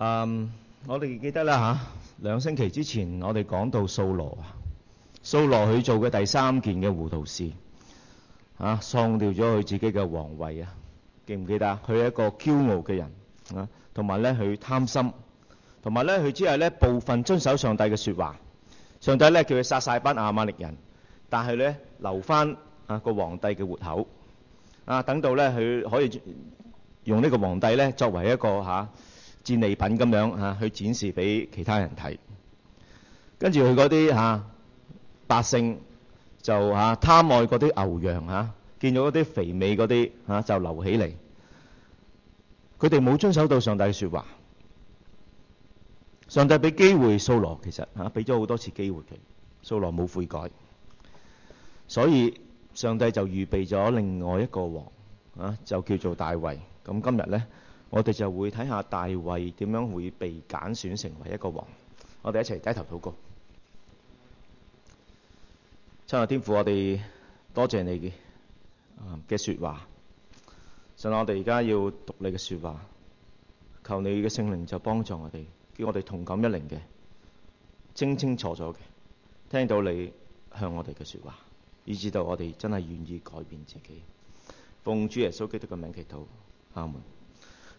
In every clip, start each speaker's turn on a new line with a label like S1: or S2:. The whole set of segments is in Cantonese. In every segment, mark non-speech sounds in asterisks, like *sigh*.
S1: 嗯，um, 我哋記得啦嚇，兩星期之前我哋講到掃羅啊，掃羅佢做嘅第三件嘅糊塗事啊，喪掉咗佢自己嘅皇位啊，記唔記得？佢係一個驕傲嘅人啊，同埋咧佢貪心，同埋咧佢只係咧部分遵守上帝嘅説話。上帝咧叫佢殺晒班亞瑪力人，但係咧留翻啊個皇帝嘅活口啊，等到咧佢可以用呢個皇帝咧作為一個嚇。啊戰利品咁樣嚇去展示俾其他人睇，跟住佢嗰啲嚇百姓就嚇貪愛嗰啲牛羊嚇，見到嗰啲肥美嗰啲嚇就留起嚟，佢哋冇遵守到上帝嘅説話，上帝俾機會掃羅其實嚇俾咗好多次機會佢，掃羅冇悔改，所以上帝就預備咗另外一個王啊，就叫做大衛。咁今日呢。我哋就會睇下大衛點樣會被揀選成為一個王。我哋一齊低頭禱告。親愛天父，我哋多謝你嘅、嗯、嘅説話。神啊，我哋而家要讀你嘅説話，求你嘅聖靈就幫助我哋，叫我哋同感一靈嘅，清清楚楚嘅聽到你向我哋嘅説話，以至到我哋真係願意改變自己。奉主耶穌基督嘅名祈禱，阿門。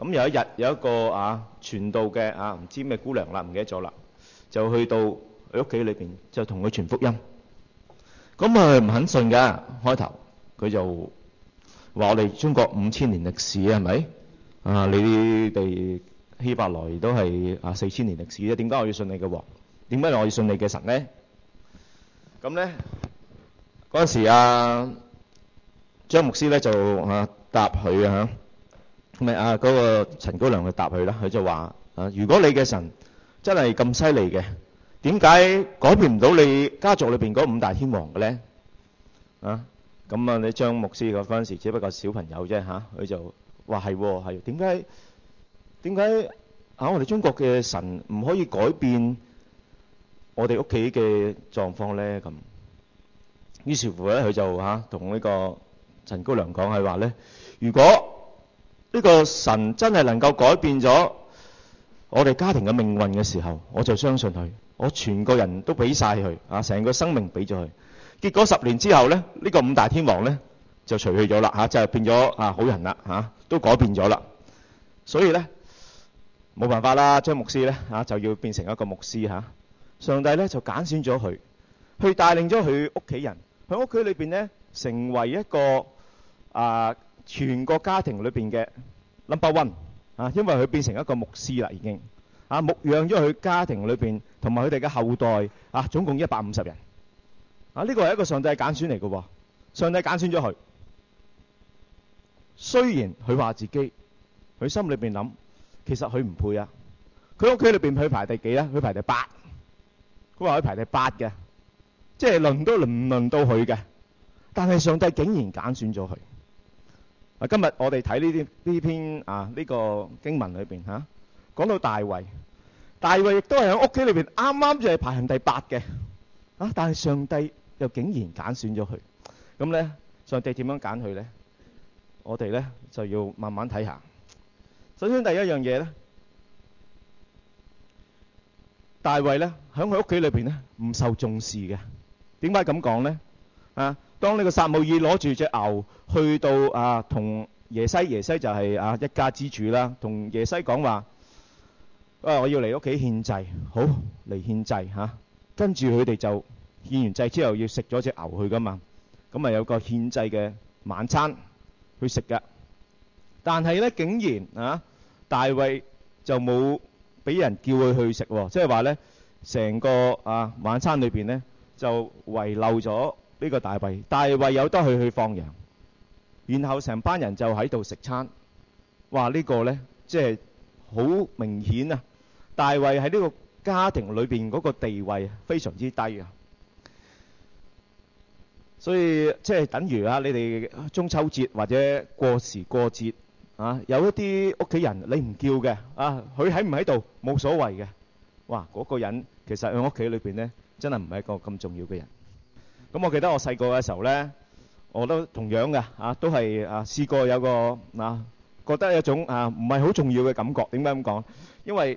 S1: 咁有一日有一個啊傳道嘅啊唔知咩姑娘啦，唔記得咗啦，就去到佢屋企裏邊就同佢傳福音。咁啊唔肯信嘅開頭，佢就話：我哋中國五千年歷史係咪啊？你哋希伯來都係啊四千年歷史啫，點解我要信你嘅王？點解我要信你嘅神呢？咁咧嗰陣時啊張牧師咧就啊答佢啊。咪啊！嗰個陳高良去答佢啦，佢就話：啊，如果你嘅神真係咁犀利嘅，點解改變唔到你家族裏邊嗰五大天王嘅咧？啊，咁啊！你張牧師嗰陣時只不過小朋友啫嚇，佢就話係喎，係點解點解啊？我哋中國嘅神唔可以改變我哋屋企嘅狀況咧？咁於是乎咧，佢就嚇同呢個陳高良講係話咧，如果呢個神真係能夠改變咗我哋家庭嘅命運嘅時候，我就相信佢，我全個人都俾晒佢啊，成個生命俾咗佢。結果十年之後呢，呢、這個五大天王呢就除去咗啦嚇，就、啊、係變咗啊好人啦嚇、啊，都改變咗啦。所以呢，冇辦法啦，張牧師呢，啊就要變成一個牧師嚇、啊，上帝呢，就揀選咗佢，去帶領咗佢屋企人佢屋企裏邊呢，成為一個啊。全個家庭裏邊嘅 number one 啊，因為佢變成一個牧師啦，已經啊牧養咗佢家庭裏邊同埋佢哋嘅後代啊，總共一百五十人啊，呢個係一個上帝揀選嚟嘅，上帝揀選咗佢。雖然佢話自己，佢心裏邊諗，其實佢唔配啊。佢屋企裏邊佢排第幾咧？佢排第八，佢話佢排第八嘅，即係輪都輪唔輪到佢嘅。但係上帝竟然揀選咗佢。啊，今日我哋睇呢啲呢篇啊呢個經文裏邊吓，講到大衛，大衛亦都係喺屋企裏邊啱啱就係排行第八嘅，啊！但係上帝又竟然揀選咗佢，咁咧上帝點樣揀佢咧？我哋咧就要慢慢睇下。首先第一樣嘢咧，大衛咧喺佢屋企裏邊咧唔受重視嘅，點解咁講咧？啊！當呢個撒母耳攞住隻牛去到啊，同耶西，耶西就係、是、啊一家之主啦，同耶西講話：啊、哎、我要嚟屋企獻祭，好嚟獻祭吓、啊。跟住佢哋就獻完祭之後要食咗隻牛去噶嘛，咁啊有個獻祭嘅晚餐去食噶。但係呢，竟然啊大衛就冇俾人叫佢去食，即係話呢，成個啊晚餐裏邊呢就遺漏咗。呢個大衛，大衛有得去去放羊，然後成班人就喺度食餐，話呢個咧，即係好明顯啊！大衛喺呢個家庭裏邊嗰個地位非常之低啊，所以即係等於啊，你哋中秋節或者過時過節啊，有一啲屋企人你唔叫嘅啊，佢喺唔喺度冇所謂嘅，哇，嗰個人其實喺屋企裏邊咧，真係唔係一個咁重要嘅人。咁我記得我細個嘅時候呢，我都同樣嘅嚇，都係啊試過有個啊覺得有種啊唔係好重要嘅感覺。點解咁講？因為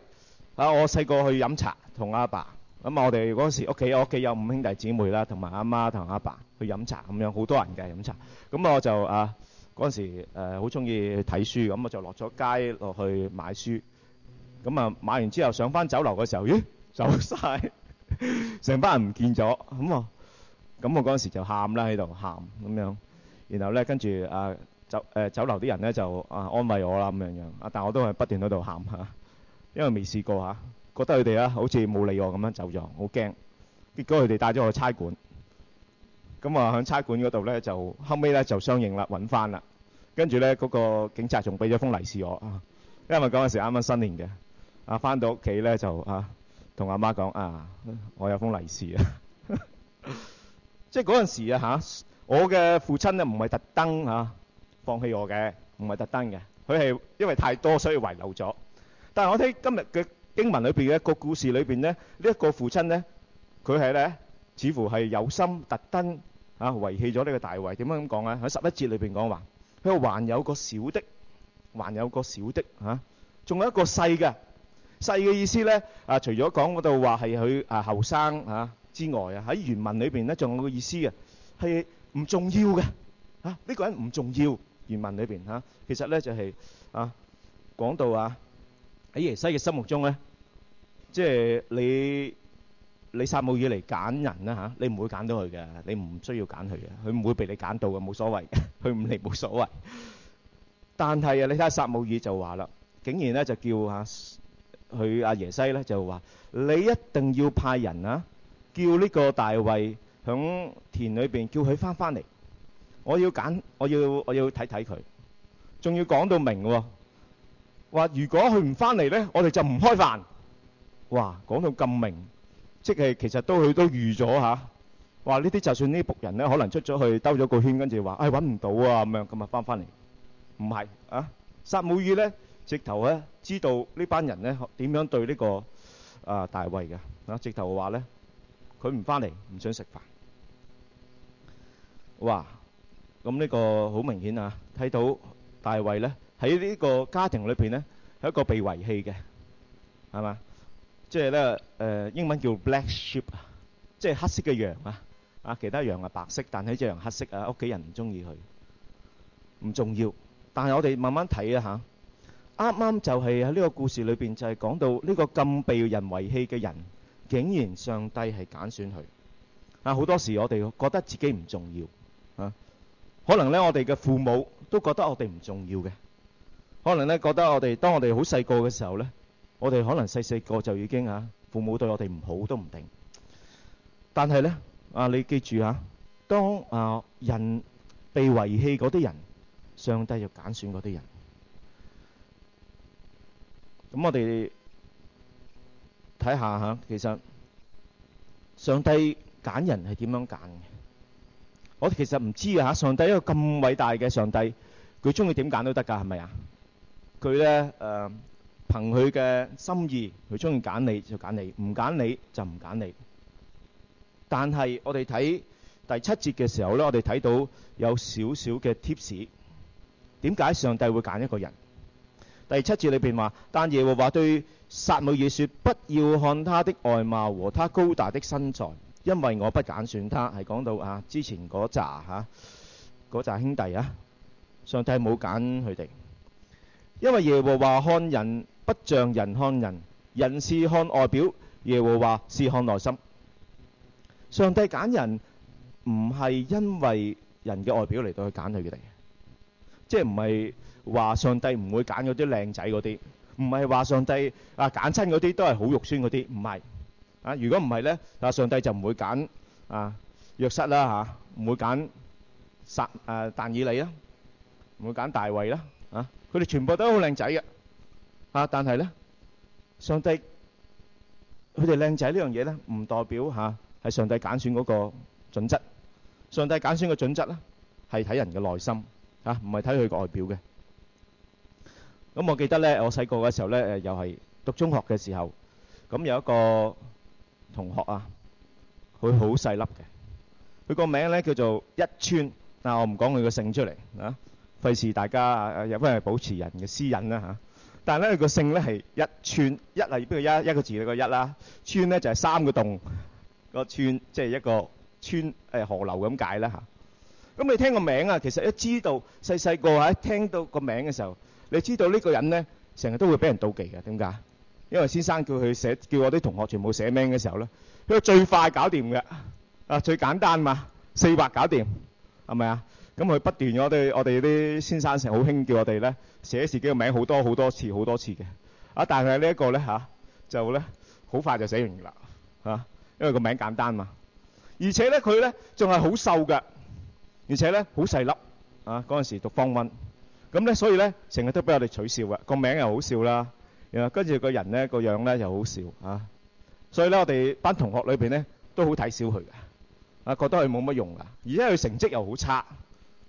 S1: 啊，我細個去飲茶同阿爸咁，我哋嗰時屋企我屋企有五兄弟姊妹啦，同埋阿媽同阿爸去飲茶咁樣，好多人嘅飲茶。咁我就啊嗰陣時誒好中意睇書，咁我就落咗街落去買書。咁啊買完之後上返酒樓嘅時候，咦走曬成班人唔見咗咁啊！咁我嗰陣時就喊啦喺度喊咁樣，然後咧跟住啊酒誒酒樓啲人咧就啊安慰我啦咁樣樣，啊但我都係不斷喺度喊嚇，因為未試過嚇，覺得佢哋啊好似冇理我咁樣走咗，好驚。結果佢哋帶咗我去差館，咁啊喺差館嗰度咧就後尾咧就相認啦，揾翻啦，跟住咧嗰個警察仲俾咗封利是我啊，因為嗰陣時啱啱新年嘅，啊翻到屋企咧就啊同阿媽講啊，我有封利是啊。即係嗰陣時啊嚇，我嘅父親咧唔係特登嚇放棄我嘅，唔係特登嘅，佢係因為太多所以遺留咗。但係我睇今日嘅經文裏邊嘅一個故事裏邊咧，呢一個父親咧，佢係咧似乎係有心特登嚇遺棄咗呢個大衞。點樣咁講啊？喺十一節裏邊講話，佢還有個小的，還有個小的嚇，仲有一個細嘅。細嘅意思咧啊，除咗講嗰度話係佢啊後生嚇。之外啊，喺原文裏邊咧，仲有個意思啊係唔重要嘅嚇。呢個人唔重要，原文裏邊嚇。其實咧就係啊講到啊喺耶西嘅心目中咧，即係你你撒母耳嚟揀人啦嚇，你唔會揀到佢嘅，你唔需要揀佢嘅，佢唔會畀你揀到嘅，冇所謂，佢唔嚟冇所謂。但係啊，你睇下撒母耳就話啦，竟然咧就叫啊佢阿耶西咧就話你一定要派人啊！叫呢個大衛響田裏邊叫佢翻翻嚟，我要揀，我要我要睇睇佢，仲要講到明喎，話如果佢唔翻嚟咧，我哋就唔開飯。哇，講到咁明，即係其實都佢都預咗吓。話呢啲就算呢啲僕人咧，可能出咗去兜咗個圈，跟住話唉揾唔到啊咁樣，咁咪翻翻嚟？唔係啊，撒母耳咧，直頭咧知道呢班人咧點樣對呢個啊大衛嘅啊，直頭嘅話咧。佢唔返嚟，唔想食飯。哇！咁呢個好明顯啊，睇到大衛呢喺呢個家庭裏邊呢係一個被遺棄嘅，係嘛？即係呢誒英文叫 black sheep，即係黑色嘅羊啊！啊，其他羊係白色，但係呢隻羊黑色啊，屋企人唔中意佢。唔重要，但係我哋慢慢睇啊吓，啱啱就係喺呢個故事裏邊就係講到呢個咁被人遺棄嘅人。竟然上帝係揀選佢啊！好多時我哋覺得自己唔重要啊，可能呢，我哋嘅父母都覺得我哋唔重要嘅，可能呢，覺得我哋當我哋好細個嘅時候呢，我哋可能細細個就已經啊，父母對我哋唔好都唔定。但係呢，啊，你記住啊，當啊人被遺棄嗰啲人，上帝就揀選嗰啲人。咁、嗯、我哋。睇下吓，其實上帝揀人係點樣揀嘅？我其實唔知啊，上帝一個咁偉大嘅上帝，佢中意點揀都得㗎，係咪啊？佢呢，誒憑佢嘅心意，佢中意揀你就揀你，唔揀你，你就唔揀你。但係我哋睇第七節嘅時候呢，我哋睇到有少少嘅 tips。點解上帝會揀一個人？第七節裏邊話，但耶和華對撒母耳說：不要看他的外貌和他高大的身材，因為我不揀選他。係講到啊，之前嗰扎吓，嗰、啊、扎兄弟啊，上帝冇揀佢哋，因為耶和華看人不像人看人，人是看外表，耶和華是看內心。上帝揀人唔係因為人嘅外表嚟到去揀佢哋，即係唔係話上帝唔會揀嗰啲靚仔嗰啲。唔係話上帝啊，揀親嗰啲都係好肉酸嗰啲，唔係啊！如果唔係咧，啊上帝就唔會揀啊約瑟啦嚇，唔會揀撒啊但以理啦，唔會揀大衛啦啊！佢哋全部都好靚仔嘅啊，但係咧，上帝佢哋靚仔呢樣嘢咧，唔代表嚇係上帝揀選嗰個準則。上帝揀選嘅準則咧，係睇人嘅內心嚇，唔係睇佢外表嘅。咁我記得咧，我細個嘅時候咧，誒又係讀中學嘅時候，咁有一個同學啊，佢好細粒嘅，佢個名咧叫做一川，但係我唔講佢個姓出嚟啊，費事大家誒，因為保持人嘅私隱啦嚇。但係咧，佢個姓咧係一川，一係邊個一一個字嘅個一啦，川咧就係三個洞個川，即係一個川誒河流咁解啦嚇。咁你聽個名啊，其實一知道細細個喺聽到個名嘅時候。你知道呢個人呢，成日都會俾人妒忌嘅，點解？因為先生叫佢寫，叫我啲同學全部寫名嘅時候呢，佢最快搞掂嘅，啊，最簡單嘛，四百搞掂，係咪啊？咁佢不斷我哋，我哋啲先生成日好興叫我哋呢寫自己嘅名好多好多次好多次嘅，啊，但係呢一個呢嚇就呢好快就寫完啦，嚇，因為個名簡單嘛，而且呢佢呢仲係好瘦嘅，而且呢好細粒，啊，嗰陣時讀方温。咁咧，所以咧，成日都俾我哋取笑㗎，個名又好笑啦，然後跟住個人咧，個樣咧又好笑啊。所以咧，我哋班同學裏邊咧，都好睇小佢㗎，啊，覺得佢冇乜用㗎，而且佢成績又好差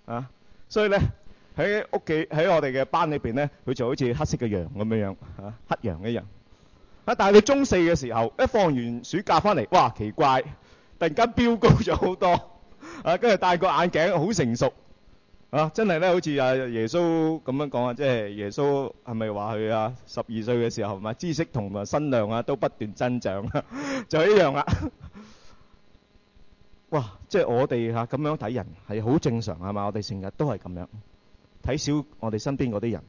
S1: 啊，所以咧，喺屋企喺我哋嘅班裏邊咧，佢就好似黑色嘅羊咁樣樣啊，黑羊一樣啊。但係佢中四嘅時候，一放完暑假返嚟，哇，奇怪，突然間飆高咗好多啊，跟住戴個眼鏡，好成熟。啊，真係咧，好似阿耶穌咁樣講啊，即係耶穌係咪話佢啊十二歲嘅時候，咪知識同埋身量啊都不斷增長，呵呵就係、一樣啦、啊。哇！即係我哋嚇咁樣睇人係好正常係嘛？我哋成日都係咁樣睇小我哋身邊嗰啲人。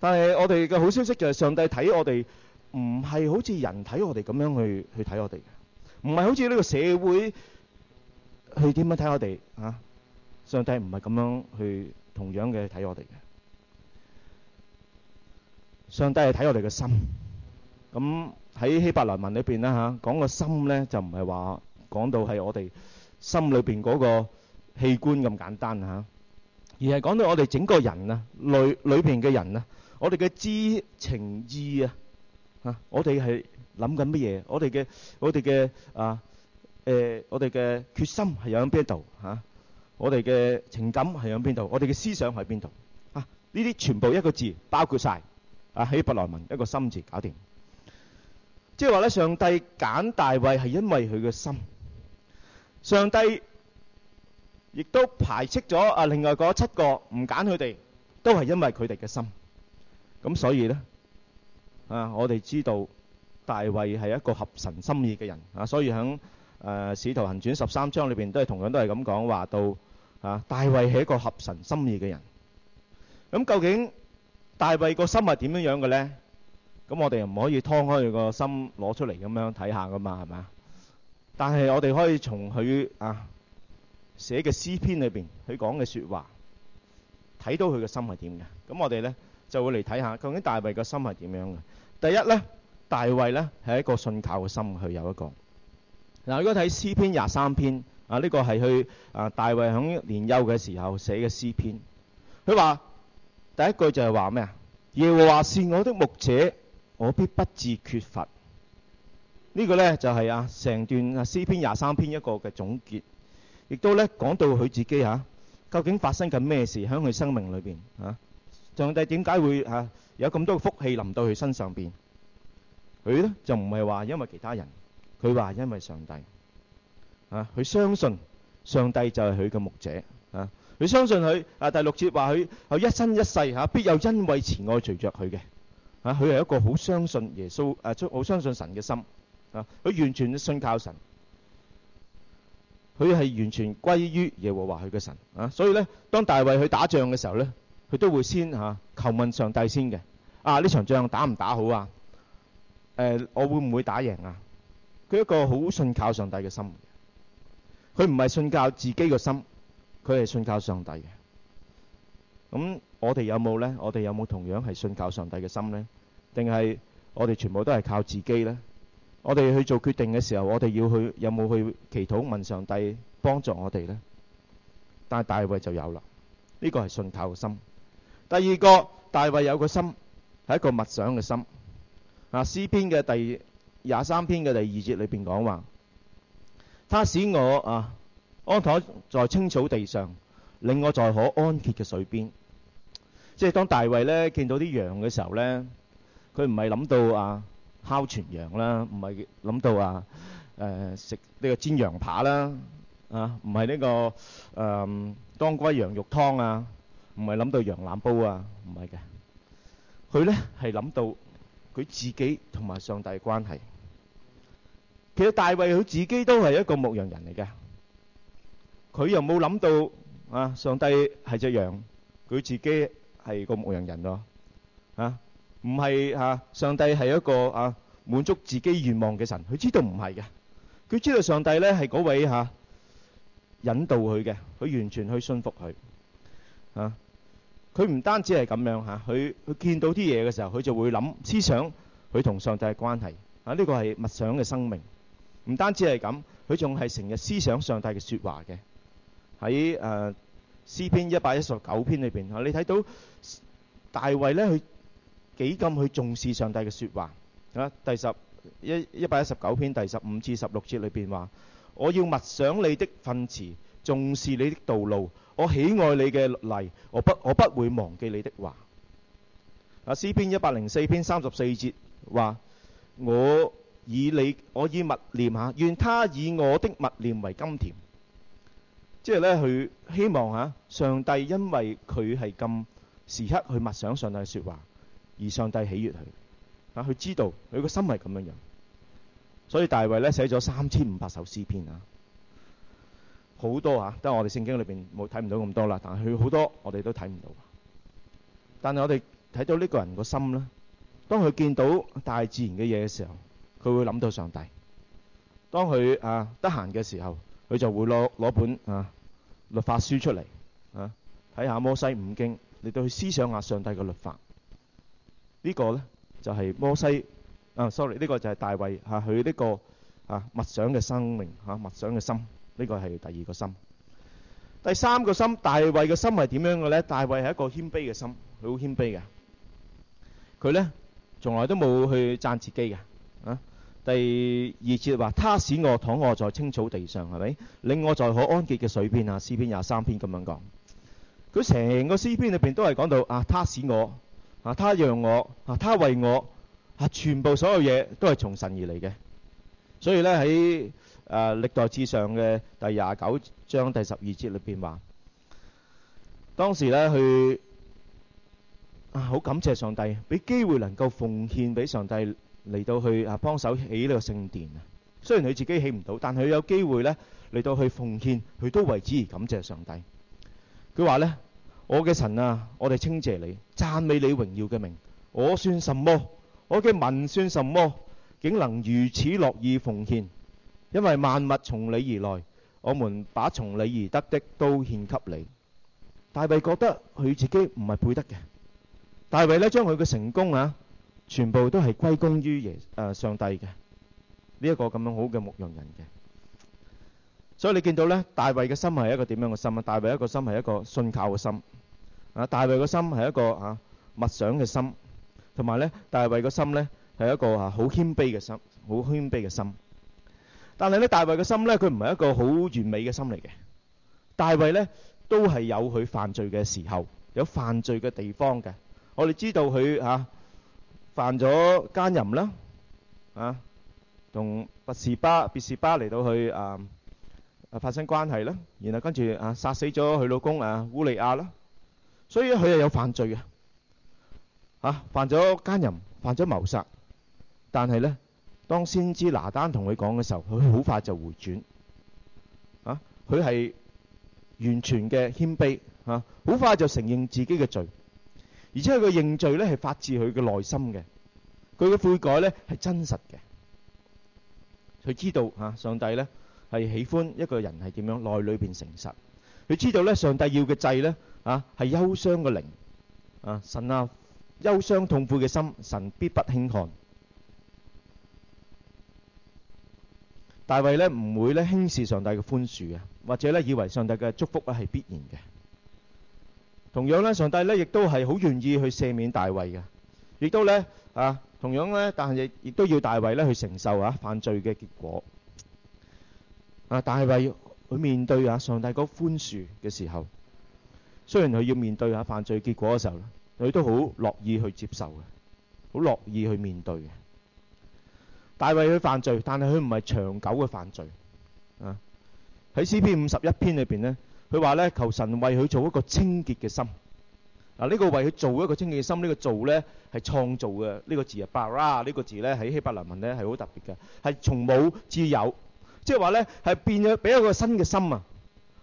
S1: 但係我哋嘅好消息就係上帝睇我哋唔係好似人睇我哋咁樣去去睇我哋，唔係好似呢個社會去點樣睇我哋啊？上帝唔係咁樣去同樣嘅睇我哋嘅。上帝係睇我哋嘅心。咁喺希伯來文裏邊咧，嚇講個心咧就唔係話講到係我哋心裏邊嗰個器官咁簡單嚇，而係講到我哋整個人啊，裏裏邊嘅人啊，我哋嘅知情意啊嚇，我哋係諗緊乜嘢？我哋嘅我哋嘅啊誒，我哋嘅決心係有喺邊度嚇？我哋嘅情感係響邊度？我哋嘅思想係邊度？啊！呢啲全部一個字包括晒啊！喺希伯來文一個心字搞掂。即係話咧，上帝揀大衛係因為佢嘅心。上帝亦都排斥咗啊，另外嗰七個唔揀佢哋，都係因為佢哋嘅心。咁所以咧啊，我哋知道大衛係一個合神心意嘅人啊，所以喺誒《使徒行傳》十三章裏邊都係同樣都係咁講話到。啊，大衛係一個合神心意嘅人。咁究竟大衛個心係點樣樣嘅呢？咁我哋又唔可以拖開佢個心攞出嚟，咁樣睇下噶嘛，係咪？但係我哋可以從佢啊寫嘅詩篇裏邊，佢講嘅說話，睇到佢嘅心係點嘅。咁我哋呢就會嚟睇下，究竟大衛個心係點樣嘅，啊。第一呢，大衛呢係一個信靠嘅心，佢有一個。嗱，啊，如果睇詩篇廿三篇。啊，呢、這個係佢啊大衛響年幼嘅時候寫嘅詩篇。佢話第一句就係話咩啊？耶和華是我的牧者，我必不致缺乏。呢、這個呢就係、是、啊成段啊詩篇廿三篇一個嘅總結，亦都咧講到佢自己吓、啊，究竟發生緊咩事響佢生命裏邊吓、啊？上帝點解會吓、啊、有咁多福氣臨到佢身上邊？佢呢就唔係話因為其他人，佢話因為上帝。啊！佢相信上帝就係佢嘅牧者啊！佢相信佢啊，第六節話佢佢一生一世吓、啊、必有恩惠慈愛隨着佢嘅啊！佢係一個好相信耶穌誒，好、啊、相信神嘅心啊！佢完全信靠神，佢係完全歸於耶和華佢嘅神啊！所以呢，當大衛去打仗嘅時候呢，佢都會先吓、啊、求問上帝先嘅啊！呢場仗打唔打好啊？誒、呃，我會唔會打贏啊？佢一個好信靠上帝嘅心。佢唔係信靠自己個心，佢係信靠上帝嘅。咁我哋有冇呢？我哋有冇同樣係信靠上帝嘅心呢？定係我哋全部都係靠自己呢？我哋去做決定嘅時候，我哋要去有冇去祈禱問上帝幫助我哋呢？但係大衛就有啦，呢、這個係信靠嘅心。第二個，大衛有個心係一個默想嘅心。啊，詩篇嘅第廿三篇嘅第二節裏邊講話。他使我啊安躺在青草地上，令我在可安歇嘅水邊。即係當大衛咧見到啲羊嘅時候咧，佢唔係諗到啊烤全羊啦，唔係諗到啊誒食呢個煎羊扒啦，啊唔係呢個誒、啊、當歸羊肉湯啊，唔係諗到羊腩煲啊，唔係嘅。佢咧係諗到佢自己同埋上帝嘅關係。其實大衛佢自己都係一個牧羊人嚟嘅，佢又冇諗到啊！上帝係隻羊，佢自己係個牧羊人咯，啊，唔係啊！上帝係一個啊滿足自己願望嘅神，佢知道唔係嘅，佢知道上帝呢係嗰位吓引導佢嘅，佢完全去信服佢啊！佢唔單止係咁樣吓，佢佢見到啲嘢嘅時候，佢就會諗思想佢同上帝嘅關係啊！呢個係默想嘅生命。唔單止係咁，佢仲係成日思想上帝嘅說話嘅。喺誒詩篇一百一十九篇裏邊，你睇到大衛呢，佢幾咁去重視上帝嘅説話。啊，第十一一百一十九篇第十五至十六節裏邊話：我要默想你的訓詞，重視你的道路，我喜愛你嘅例，我不我不會忘記你的話。啊，詩篇一百零四篇三十四節話我。以你我以默念下，願他以我的默念為甘甜，即係呢，佢希望吓上帝，因為佢係咁時刻去默想上帝嘅說話，而上帝喜悦佢啊。佢知道佢個心係咁樣樣，所以大衛呢，寫咗三千五百首詩，詩篇啊，好多啊，都係我哋聖經裏邊冇睇唔到咁多啦。但係佢好多我哋都睇唔到，但係我哋睇到呢個人個心咧，當佢見到大自然嘅嘢嘅時候。佢會諗到上帝。當佢啊得閒嘅時候，佢就會攞攞本啊律法書出嚟啊，睇下摩西五經，嚟到佢思想下上帝嘅律法。呢個咧就係摩西啊，sorry，呢個就係大衛吓佢呢個啊默想嘅生命吓默想嘅心，呢個係第二個心。第三個心，大衛嘅心係點樣嘅咧？大衛係一個謙卑嘅心，佢好謙卑嘅。佢咧從來都冇去讚自己嘅啊。第二節話，他使我躺卧在青草地上，係咪領我在可安歇嘅水邊啊？詩篇廿三篇咁樣講，佢成個詩篇裏邊都係講到啊，他使我啊，他讓我啊，他為我啊，全部所有嘢都係從神而嚟嘅。所以呢，喺誒歷代志上嘅第廿九章第十二節裏邊話，當時呢，佢啊好感謝上帝俾機會能夠奉獻俾上帝。嚟到去啊幫手起呢個聖殿啊，雖然佢自己起唔到，但佢有機會咧嚟到去奉獻，佢都為之而感謝上帝。佢話呢：我嘅神啊，我哋稱謝你，讚美你榮耀嘅名。我算什麼？我嘅民算什麼？竟能如此樂意奉獻？因為萬物從你而來，我們把從你而得的都獻給你。大衛覺得佢自己唔係配得嘅，大衛咧將佢嘅成功啊。全部都係歸功於耶誒上帝嘅呢一個咁樣好嘅牧羊人嘅。所以你見到呢，大衛嘅心係一個點樣嘅心啊？大衛一個心係一個信靠嘅心啊！大衛個心係一個啊默想嘅心，同埋呢，大衛個心呢係一個啊好謙卑嘅心，好謙卑嘅心。但係呢，大衛嘅心呢，佢唔係一個好完美嘅心嚟嘅。大衛呢都係有佢犯罪嘅時候，有犯罪嘅地方嘅。我哋知道佢啊。犯咗奸淫啦，啊，同拔示巴拔示巴嚟到去啊發生關係啦，然後跟住啊殺死咗佢老公啊烏利亞啦，所以佢又有犯罪嘅，啊犯咗奸淫，犯咗謀殺，但係呢，當先知拿單同佢講嘅時候，佢好快就回轉，啊，佢係完全嘅謙卑啊，好快就承認自己嘅罪。而且佢嘅認罪咧係發自佢嘅內心嘅，佢嘅悔改咧係真實嘅。佢知道吓上帝咧係喜歡一個人係點樣內裏邊誠實。佢知道咧上帝要嘅祭咧啊係憂傷嘅靈啊神啊憂傷痛苦嘅心神必不輕看。大衛咧唔會咧輕視上帝嘅寬恕嘅，或者咧以為上帝嘅祝福咧係必然嘅。同樣咧，上帝咧亦都係好願意去赦免大衛，嘅，亦都呢啊，同樣呢但係亦都要大衛咧去承受啊犯罪嘅結果啊！大衛去面對啊上帝嗰寬恕嘅時候，雖然佢要面對啊犯罪結果嘅時候佢都好樂意去接受嘅，好樂意去面對嘅。大衛去犯罪，但係佢唔係長久嘅犯罪。喺詩篇五十一篇裏邊呢。佢話咧，求神為佢做一個清潔嘅心。嗱，呢個為佢做一個清潔嘅心，呢個做咧係創造嘅呢個字啊，巴拉呢個字咧喺希伯來文咧係好特別嘅，係從冇至有，即係話咧係變咗俾一個新嘅心啊，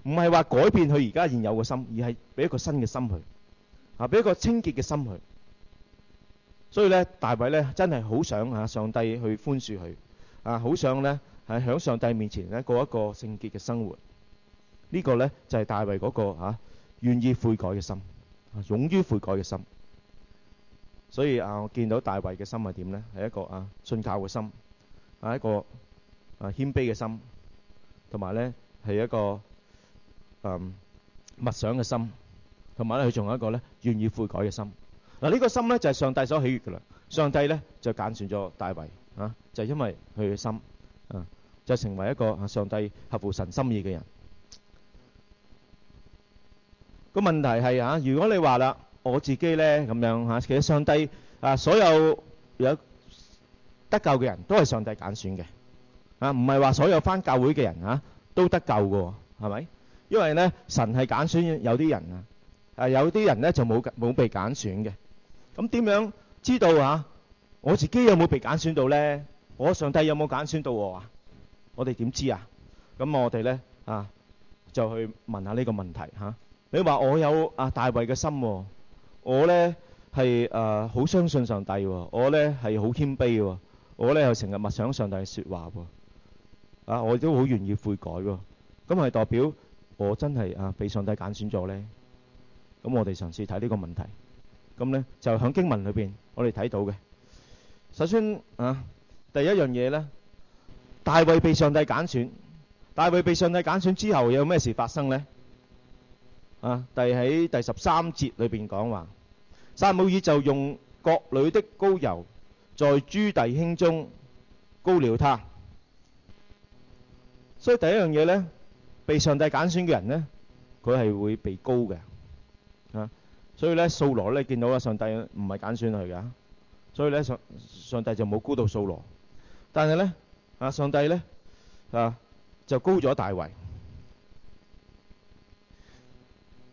S1: 唔係話改變佢而家現有嘅心，而係俾一個新嘅心佢啊，俾一個清潔嘅心佢。所以咧，大衛咧真係好想啊，上帝去寬恕佢啊，好想咧喺喺上帝面前咧過一個聖潔嘅生活。呢個咧就係大衛嗰個啊願意悔改嘅心，勇於悔改嘅心。所以啊，我見到大衛嘅心係點咧？係一個啊信靠嘅心，啊一個啊謙卑嘅心，同埋咧係一個嗯默想嘅心，同埋咧佢仲有一個咧願意悔改嘅心。嗱呢個心咧就係上帝所喜悅嘅啦。上帝咧就揀選咗大衛啊，就係因為佢嘅心啊，就成為一個啊上帝合乎神心意嘅人。個問題係啊，如果你話啦，我自己咧咁樣嚇，其實上帝啊，所有有得救嘅人都係上帝揀選嘅啊，唔係話所有返教會嘅人嚇都得救嘅，係咪？因為咧，神係揀選有啲人啊，係有啲人咧就冇冇被揀選嘅。咁點樣知道嚇我自己有冇被揀選到咧？我上帝有冇揀選到我啊？我哋點知啊？咁我哋咧啊，就去問下呢個問題嚇。你話我有阿，大衛嘅心，我呢係誒好相信上帝，我呢係好謙卑，我呢又成日默想上帝嘅說話，啊，我都好願意悔改，咁係代表我真係啊被上帝揀選咗呢？咁我哋上次睇呢個問題，咁呢就喺經文裏邊我哋睇到嘅，首先啊第一樣嘢呢，大衛被上帝揀選，大衛被上帝揀選之後有咩事發生呢？啊！第喺第十三節裏邊講話，撒母耳就用角裏的膏油，在諸弟兄中膏了他。所以第一樣嘢呢，被上帝揀選嘅人呢，佢係會被膏嘅，啊。所以呢，掃羅咧見到啊，上帝唔係揀選佢嘅，所以呢，上上帝就冇膏到掃羅。但係呢，啊上帝呢，啊就膏咗大衛。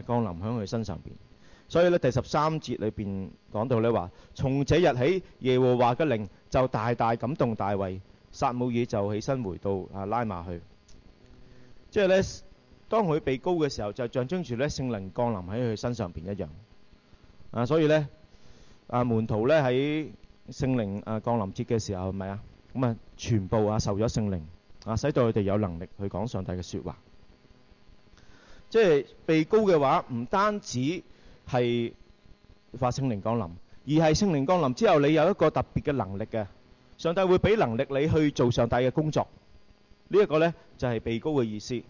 S1: 降臨喺佢身上邊，所以咧第十三節裏邊講到呢話，從這日起，耶和華嘅靈就大大感動大衛，撒母耳就起身回到啊拉馬去，即係呢，當佢被膏嘅時候，就象徵住咧聖靈降臨喺佢身上邊一樣。啊，所以呢，啊門徒呢喺聖靈啊降臨節嘅時候，係咪啊？咁啊，全部啊受咗聖靈啊，使到佢哋有能力去講上帝嘅説話。即係被膏嘅話，唔單止係發聖靈降臨，而係聖靈降臨之後，你有一個特別嘅能力嘅，上帝會俾能力你去做上帝嘅工作。呢、這、一個呢，就係、是、被膏嘅意思。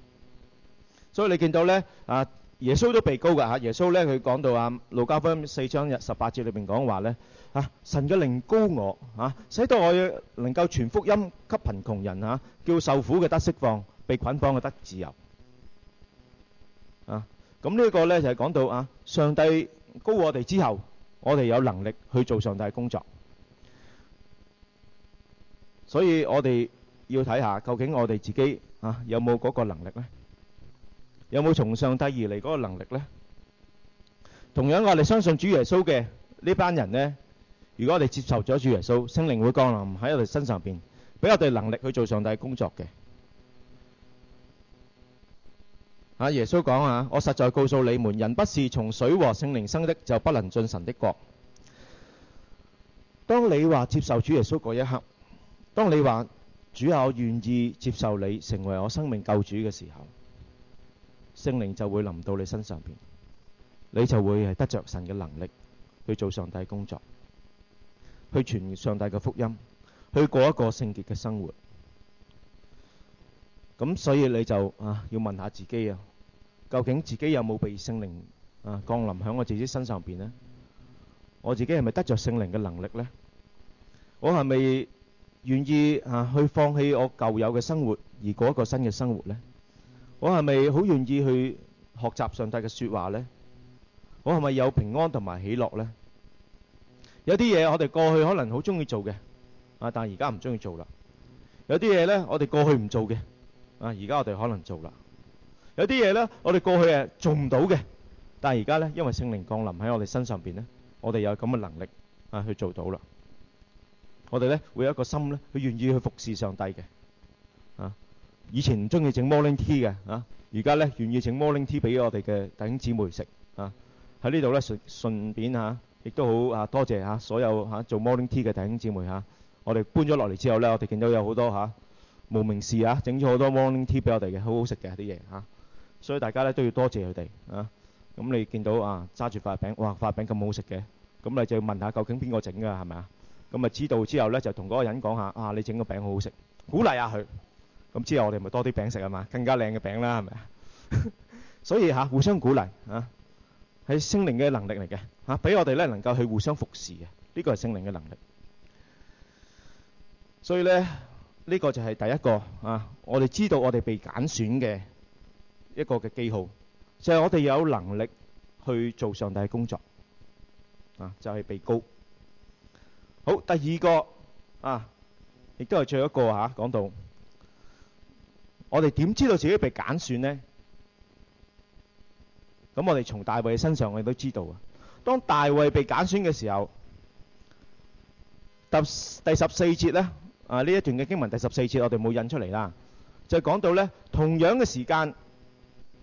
S1: 所以你見到呢，啊，耶穌都被膏㗎嚇。耶穌呢，佢講到啊，路加福音四章十八節裏面講話呢：啊「嚇，神嘅靈膏我嚇、啊，使到我能夠傳福音給貧窮人嚇、啊，叫受苦嘅得釋放，被捆綁嘅得自由。咁呢個呢就係講到啊，上帝高我哋之後，我哋有能力去做上帝工作。所以我哋要睇下究竟我哋自己啊有冇嗰個能力呢？有冇從上帝而嚟嗰個能力呢？同樣我哋相信主耶穌嘅呢班人呢，如果我哋接受咗主耶穌，聖靈會降臨喺我哋身上邊，俾我哋能力去做上帝工作嘅。阿耶穌講啊，我實在告訴你們，人不是從水和聖靈生的，就不能進神的國。當你話接受主耶穌嗰一刻，當你話主啊，我願意接受你成為我生命救主嘅時候，聖靈就會臨到你身上邊，你就會係得着神嘅能力去做上帝工作，去傳上帝嘅福音，去過一個聖潔嘅生活。咁所以你就啊，要問下自己啊。究竟自己有冇被聖靈啊降臨喺我自己身上邊呢？我自己係咪得著聖靈嘅能力呢？我係咪願意啊去放棄我舊有嘅生活而過一個新嘅生活呢？我係咪好願意去學習上帝嘅説話呢？我係咪有平安同埋喜樂呢？有啲嘢我哋過去可能好中意做嘅啊，但係而家唔中意做啦。有啲嘢呢，我哋過去唔做嘅啊，而家我哋可能做啦。有啲嘢呢，我哋過去誒做唔到嘅，但係而家呢，因為聖靈降臨喺我哋身上邊呢我哋有咁嘅能力啊，去做到啦。我哋呢會有一個心呢，佢願意去服侍上帝嘅啊。以前唔中意整 morning tea 嘅啊，而家呢願意整 morning tea 俾我哋嘅弟兄姊妹食啊。喺呢度呢，順順便嚇，亦都好啊，多謝嚇、啊、所有嚇、啊、做 morning tea 嘅弟兄姊妹嚇、啊。我哋搬咗落嚟之後呢，我哋見到有好多嚇、啊、無名氏嚇整咗好多 morning tea 俾我哋嘅，好好食嘅啲嘢嚇。所以大家咧都要多謝佢哋啊！咁你見到啊揸住塊餅，哇！塊餅咁好食嘅，咁你就要問下究竟邊個整㗎？係咪啊？咁啊知道之後咧，就同嗰個人講下啊，你整個餅好好食，鼓勵下佢。咁之後我哋咪多啲餅食啊嘛，更加靚嘅餅啦，係咪啊？所以嚇互相鼓勵啊，係聖靈嘅能力嚟嘅嚇，俾我哋咧能夠去互相服侍嘅，呢個係聖靈嘅能力。所以咧，呢個就係第一個啊！我哋知道我哋被揀選嘅。一個嘅記號，就係我哋有能力去做上帝嘅工作啊！就係被高好。第二個啊，亦都係最後一個嚇，講到我哋點知道自己被揀選呢？咁我哋從大衛身上我哋都知道啊。當大衛被揀選嘅時候，第十四節呢啊，呢一段嘅經文第十四節，我哋冇印出嚟啦，就講到呢，同樣嘅時間。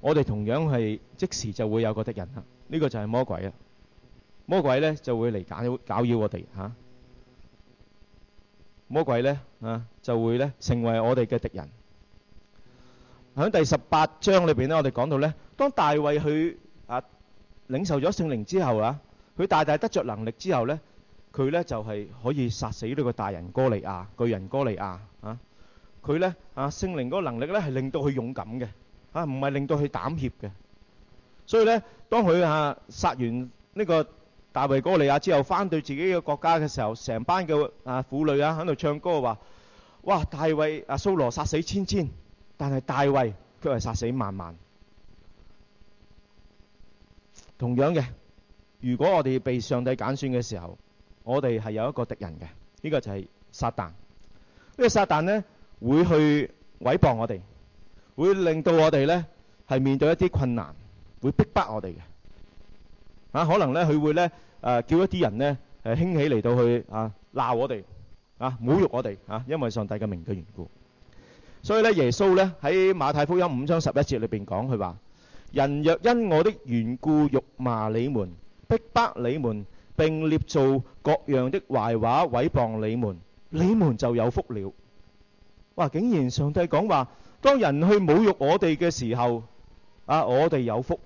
S1: 我哋同樣係即時就會有個敵人啦，呢個就係魔鬼啊！魔鬼咧就會嚟搞搞擾我哋嚇，魔鬼咧啊就會咧成為我哋嘅敵人。喺第十八章裏邊咧，我哋講到咧，當大衛佢啊領受咗聖靈之後啊，佢大大得著能力之後咧，佢咧就係可以殺死呢個大人哥利亞、巨人哥利亞啊！佢咧啊聖靈嗰個能力咧係令到佢勇敢嘅。啊，唔係令到佢膽怯嘅，所以呢，當佢啊殺完呢個大衛哥利亞之後，翻到自己嘅國家嘅時候，成班嘅啊婦女啊喺度唱歌話：哇，大衛啊，蘇羅殺死千千，但係大衛佢係殺死萬萬。同樣嘅，如果我哋被上帝揀選嘅時候，我哋係有一個敵人嘅，呢個就係撒旦。呢個撒旦呢，會去毀謗我哋。會令到我哋呢係面對一啲困難，會逼迫我哋嘅啊，可能呢佢會呢誒叫一啲人呢誒興起嚟到去啊鬧我哋啊侮辱我哋啊，因為上帝嘅名嘅緣故。所以呢耶穌呢喺馬太福音五章十一節裏邊講，佢話：人若因我的緣故辱罵你們、逼迫你們，並捏造各樣的壞話毀謗你們，你們就有福了。哇！竟然上帝講話。當人去侮辱我哋嘅時候，啊，我哋有福。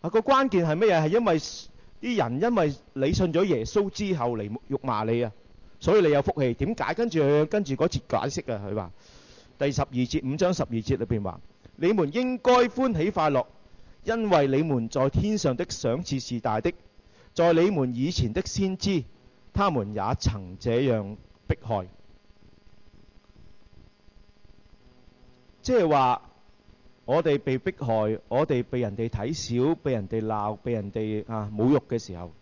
S1: 啊，個關鍵係咩嘢？係因為啲人因為你信咗耶穌之後嚟辱罵你啊，所以你有福氣。點解？跟住跟住嗰節解釋嘅，佢話第十二節五章十二節裏邊話：你們應該歡喜快樂，因為你們在天上的賞賜是大的，在你們以前的先知，他們也曾這樣迫害。即係話我哋被迫害，我哋被人哋睇小，被人哋鬧，被人哋啊侮辱嘅時候，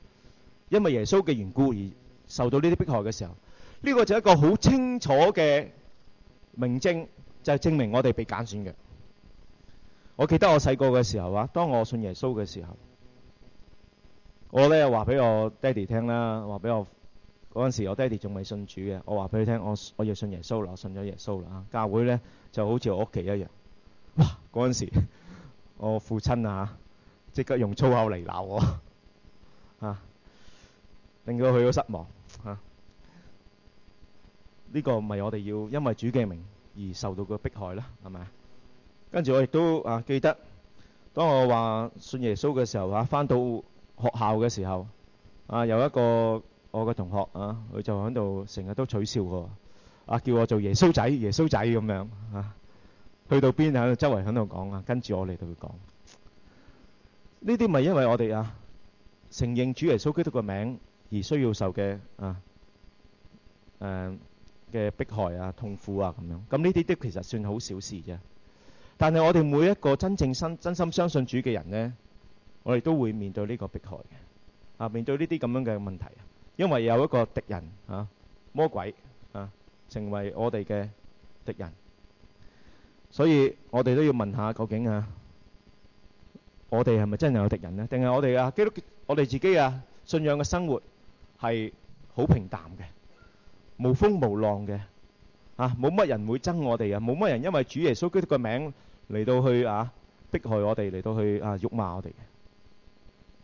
S1: 因為耶穌嘅緣故而受到呢啲迫害嘅時候，呢、這個就係一個好清楚嘅明證，就係、是、證明我哋被揀選嘅。我記得我細個嘅時候啊，當我信耶穌嘅時候，我咧又話俾我爹哋聽啦，話俾我。嗰陣時我爸爸，我爹哋仲未信主嘅。我話俾你聽，我我要信耶穌啦，信咗耶穌啦。教會呢就好似我屋企一樣。哇！嗰陣時，我父親啊，即刻用粗口嚟鬧我嚇、啊，令到佢好失望嚇。呢、啊呢個唔係我哋要因為主嘅名而受到嘅迫害啦，係咪？跟住我亦都啊記得，當我話信耶穌嘅時候嚇，翻、啊、到學校嘅時候啊，有一個。我個同學啊，佢就喺度成日都取笑我啊，叫我做耶穌仔、耶穌仔咁樣啊。去到邊喺度，周圍喺度講啊，跟住我哋都會講。呢啲咪因為我哋啊承認主耶穌基督個名而需要受嘅啊誒嘅、啊、迫害啊、痛苦啊咁樣。咁呢啲都其實算好小事啫。但係我哋每一個真正真真心相信主嘅人呢，我哋都會面對呢個迫害嘅啊，面對呢啲咁樣嘅問題。因為有一個敵人啊，魔鬼啊，成為我哋嘅敵人，所以我哋都要問下究竟啊，我哋係咪真係有敵人呢？定係我哋啊？基督，我哋自己啊，信仰嘅生活係好平淡嘅，無風無浪嘅，啊，冇乜人會憎我哋啊，冇乜人因為主耶穌基督嘅名嚟到去啊，迫害我哋嚟到去啊，辱罵我哋。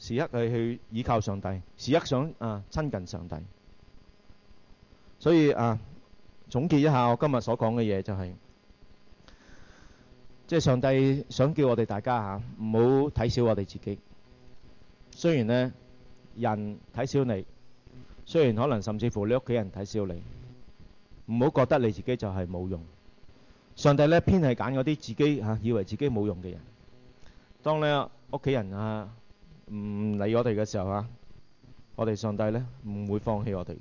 S1: 時刻去倚靠上帝，時刻想啊親近上帝。所以啊，總結一下我今日所講嘅嘢，就係即係上帝想叫我哋大家吓唔好睇小我哋自己。雖然呢人睇小你，雖然可能甚至乎你屋企人睇小你，唔好覺得你自己就係冇用。上帝呢偏係揀嗰啲自己吓、啊、以為自己冇用嘅人，當你屋企人啊。唔理我哋嘅時候啊，我哋上帝呢唔會放棄我哋。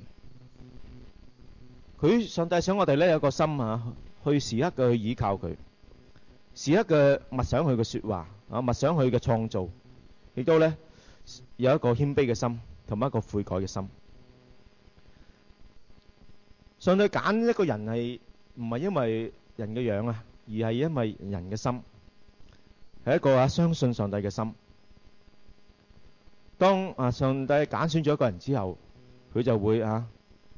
S1: 佢上帝想我哋呢有個心啊，去時刻嘅去倚靠佢，時刻嘅默想佢嘅說話啊，默想佢嘅創造，亦都呢有一個謙卑嘅心，同埋一個悔改嘅心。上帝揀一個人係唔係因為人嘅樣啊，而係因為人嘅心，係一個啊相信上帝嘅心。當啊上帝揀選咗一個人之後，佢就會啊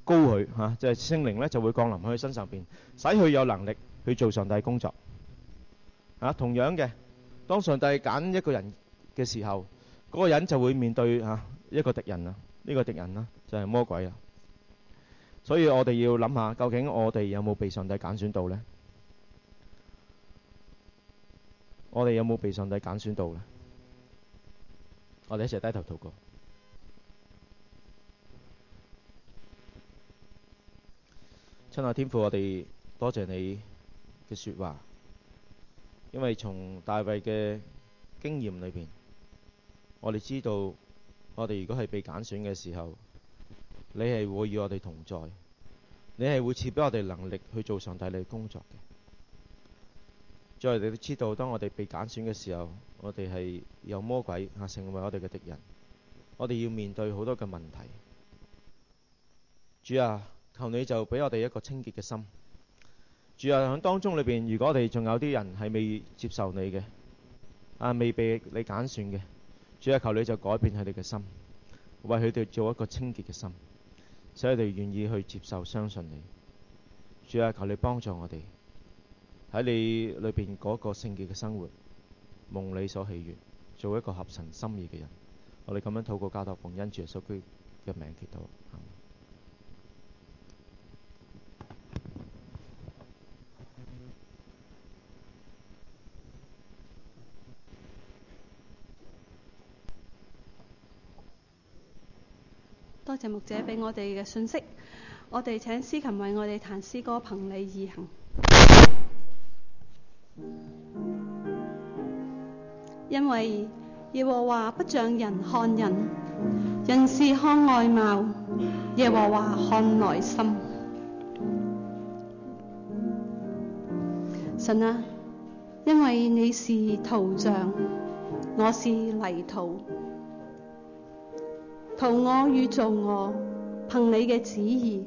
S1: 膏佢啊，即係聖靈咧就會降臨喺佢身上邊，使佢有能力去做上帝工作。啊，同樣嘅，當上帝揀一個人嘅時候，嗰個人就會面對啊一個敵人啊，呢個敵人啊就係魔鬼啊。所以我哋要諗下，究竟我哋有冇被上帝揀選到呢？我哋有冇被上帝揀選到呢？我哋一齊低頭禱告，親愛天父，我哋多謝你嘅說話，因為從大衛嘅經驗裏邊，我哋知道，我哋如果係被揀選嘅時候，你係會與我哋同在，你係會賜俾我哋能力去做上帝你工作嘅。在我哋都知道，當我哋被揀選嘅時候，我哋係有魔鬼啊成為我哋嘅敵人，我哋要面對好多嘅問題。主啊，求你就俾我哋一個清潔嘅心。主啊，響當中裏邊，如果我哋仲有啲人係未接受你嘅，啊未被你揀選嘅，主啊，求你就改變佢哋嘅心，為佢哋做一個清潔嘅心，使佢哋願意去接受、相信你。主啊，求你幫助我哋。喺你裏邊嗰個聖潔嘅生活，蒙你所喜悅，做一個合神心意嘅人。我哋咁樣透過交託奉恩主耶穌基督嘅名祈禱。
S2: 多謝牧者俾我哋嘅信息，我哋請司琴為我哋彈詩歌《憑你而行》。因為耶和華不像人看人，人是看外貌，耶和華看內心。神啊，因為你是陶像，我是泥土，陶我與造我，憑你嘅旨意，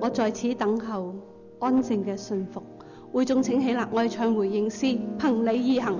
S2: 我在此等候，安靜嘅信服。會眾請起立，我哋唱回應詩，憑理而行。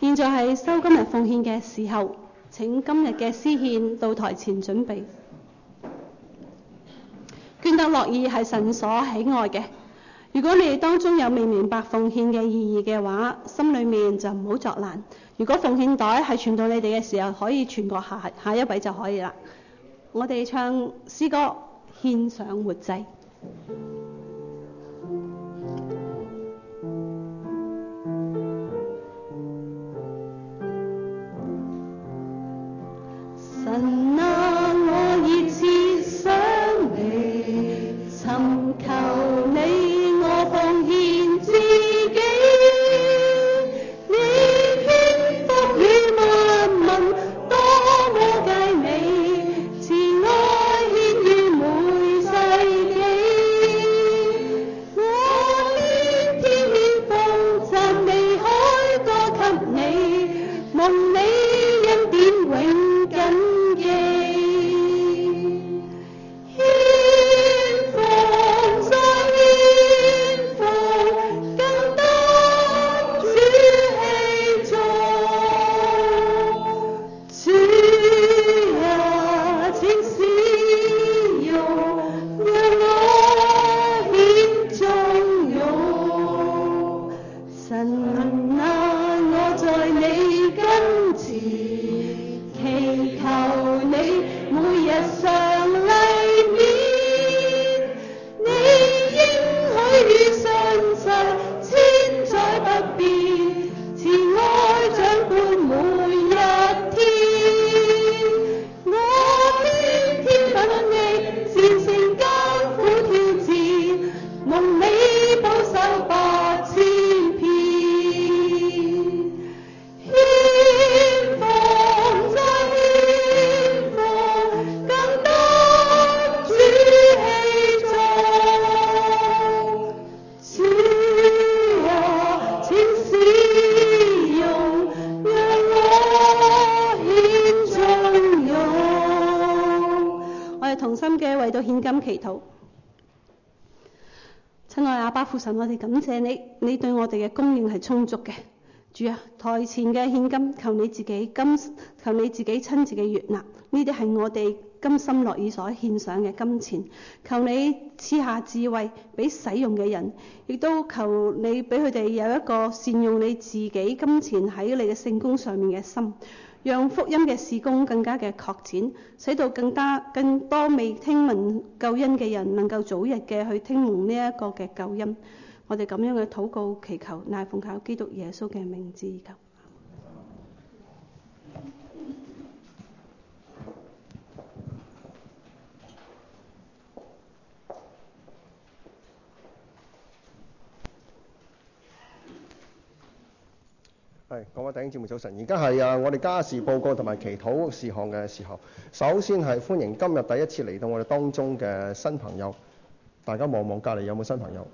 S2: 現在係收今日奉獻嘅時候，請今日嘅詩獻到台前準備。捐得樂意係神所喜愛嘅。如果你哋當中有未明白奉獻嘅意義嘅話，心裏面就唔好作難。如果奉獻袋係傳到你哋嘅時候，可以傳過下下一位就可以啦。我哋唱詩歌獻上活祭。我哋感謝你，你對我哋嘅供應係充足嘅。主啊，台前嘅獻金，求你自己金，求你自己親自嘅悅納。呢啲係我哋甘心樂意所獻上嘅金錢。求你賜下智慧俾使用嘅人，亦都求你俾佢哋有一個善用你自己金錢喺你嘅聖工上面嘅心。讓福音嘅事工更加嘅擴展，使到更加更多未聽聞救恩嘅人能夠早日嘅去聽聞呢一個嘅救恩，我哋咁樣嘅禱告祈求，乃奉靠基督耶穌嘅名字。
S3: 係，各位弟兄姊妹，早晨！而家係啊，我哋家事報告同埋祈禱事項嘅時候。首先係歡迎今日第一次嚟到我哋當中嘅新朋友。大家望望隔離有冇新朋友？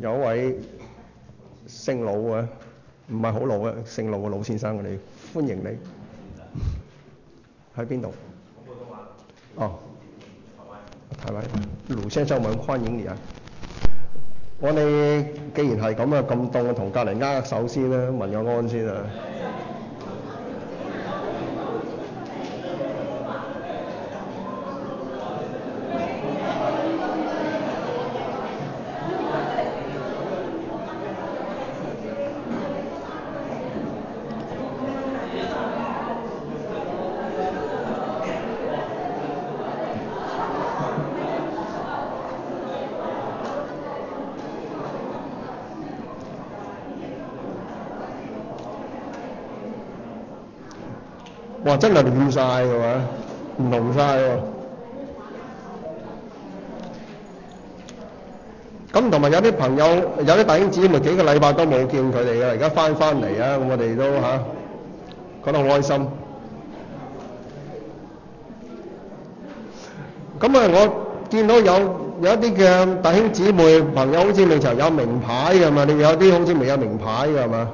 S3: 有一位姓老嘅，唔係好老嘅，姓老嘅老先生，我哋歡迎你。喺邊度？廣哦。係咪拜？盧先生，我哋歡迎你啊！我哋既然係咁啊，咁凍啊，同隔離握手先啦、啊，問個安先啦、啊。 *noise* 哇真係亂曬嘅喎，唔同曬喎。咁同埋有啲朋友，有啲弟兄姊妹幾個禮拜都冇見佢哋嘅，而家翻翻嚟啊！咁我哋都嚇覺得好開心。咁啊，我見到有有一啲嘅弟兄姊妹朋友，好似未曾有名牌嘅嘛？你有啲好似未有名牌嘅係嘛？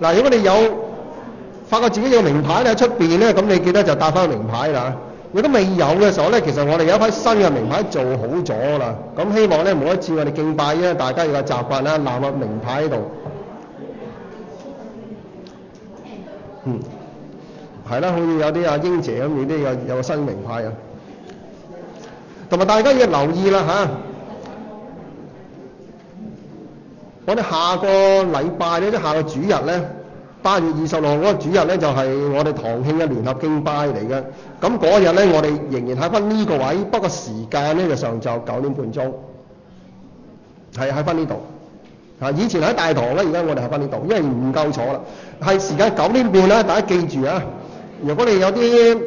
S3: 嗱，如果你有。發覺自己有名牌咧喺出邊咧，咁你記得就戴翻個名牌啦。如果未有嘅時候咧，其實我哋有一批新嘅名牌做好咗啦。咁希望咧，每一次我哋敬拜咧，大家要習慣啦，攬個名牌喺度。嗯，係啦，好似有啲阿英姐咁，你都有有個新名牌啊。同埋大家要留意啦嚇，我哋下個禮拜咧，即係下個主日咧。八月二十六號嗰個主日咧，就係、是、我哋堂慶嘅聯合敬拜嚟嘅。咁嗰日咧，我哋仍然喺翻呢個位，不過時間咧就上晝九點半鐘，係喺翻呢度。啊，以前喺大堂咧，而家我哋喺翻呢度，因為唔夠坐啦。係時間九點半啦、啊，大家記住啊！如果你有啲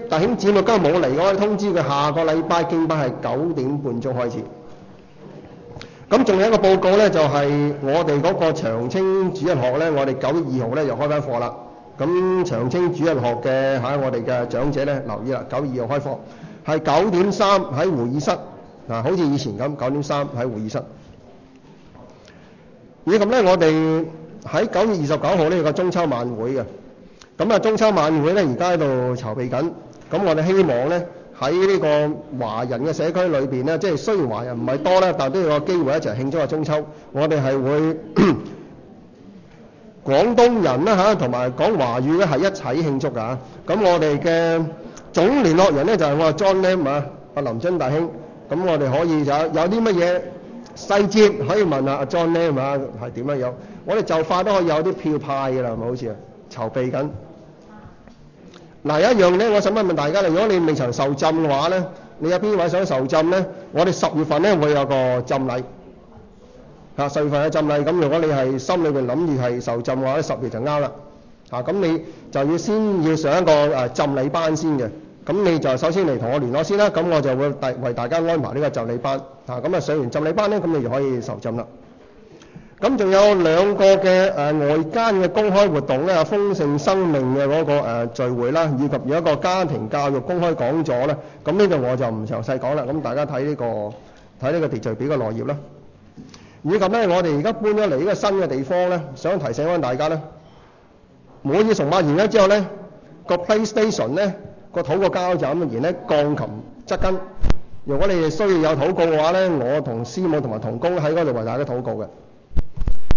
S3: 弟兄姊妹今日冇嚟嘅，可以通知佢下個禮拜敬拜係九點半鐘開始。咁仲有一個報告咧，就係、是、我哋嗰個長青主任學咧，我哋九月二號咧又開翻課啦。咁長青主任學嘅嚇，我哋嘅長者咧留意啦，九月二號又開課，係九、啊、點三喺會議室嗱、啊，好似以前咁，九點三喺會議室。而咁咧，我哋喺九月二十九號呢，有個中秋晚會嘅。咁、嗯、啊，中秋晚會咧而家喺度籌備緊。咁、嗯、我哋希望咧。喺呢個華人嘅社區裏邊咧，即係雖然華人唔係多咧，但係都有個機會一齊慶祝下中秋。我哋係會 *coughs* 廣東人啦嚇，同埋講華語咧係一齊慶祝㗎。咁我哋嘅總聯絡人咧就係我阿 John name 啊，阿林津大兄。咁我哋可以就有啲乜嘢細節可以問下阿 John name 啊，係點樣樣？我哋就快都可以有啲票派㗎啦，係咪好似啊？籌備緊。嗱一樣咧，我想問問大家啦，如果你未曾受浸嘅話咧，你有邊位想受浸咧？我哋十月份咧會有個浸禮，嚇，十月份有浸禮。咁如果你係心裏邊諗住係受浸嘅話，十月就啱啦。嚇，咁你就要先要上一個誒浸禮班先嘅。咁你就首先嚟同我聯絡先啦，咁我就會大為大家安排呢個浸禮班。嚇，咁啊上完浸禮班咧，咁你就可以受浸啦。咁仲有兩個嘅誒外間嘅公開活動咧，豐盛生命嘅嗰個誒聚會啦，以及有一個家庭教育公開講座咧。咁呢度我就唔詳細講啦，咁大家睇呢個睇呢個秩序表嘅內頁啦。以及咧，我哋而家搬咗嚟呢個新嘅地方咧，想提醒翻大家咧，每次崇拜完咗之後咧，個 PlayStation 咧，個土個膠枕，然後咧鋼琴側根。如果你哋需要有禱告嘅話咧，我同師母同埋同工喺嗰度為大家禱告嘅。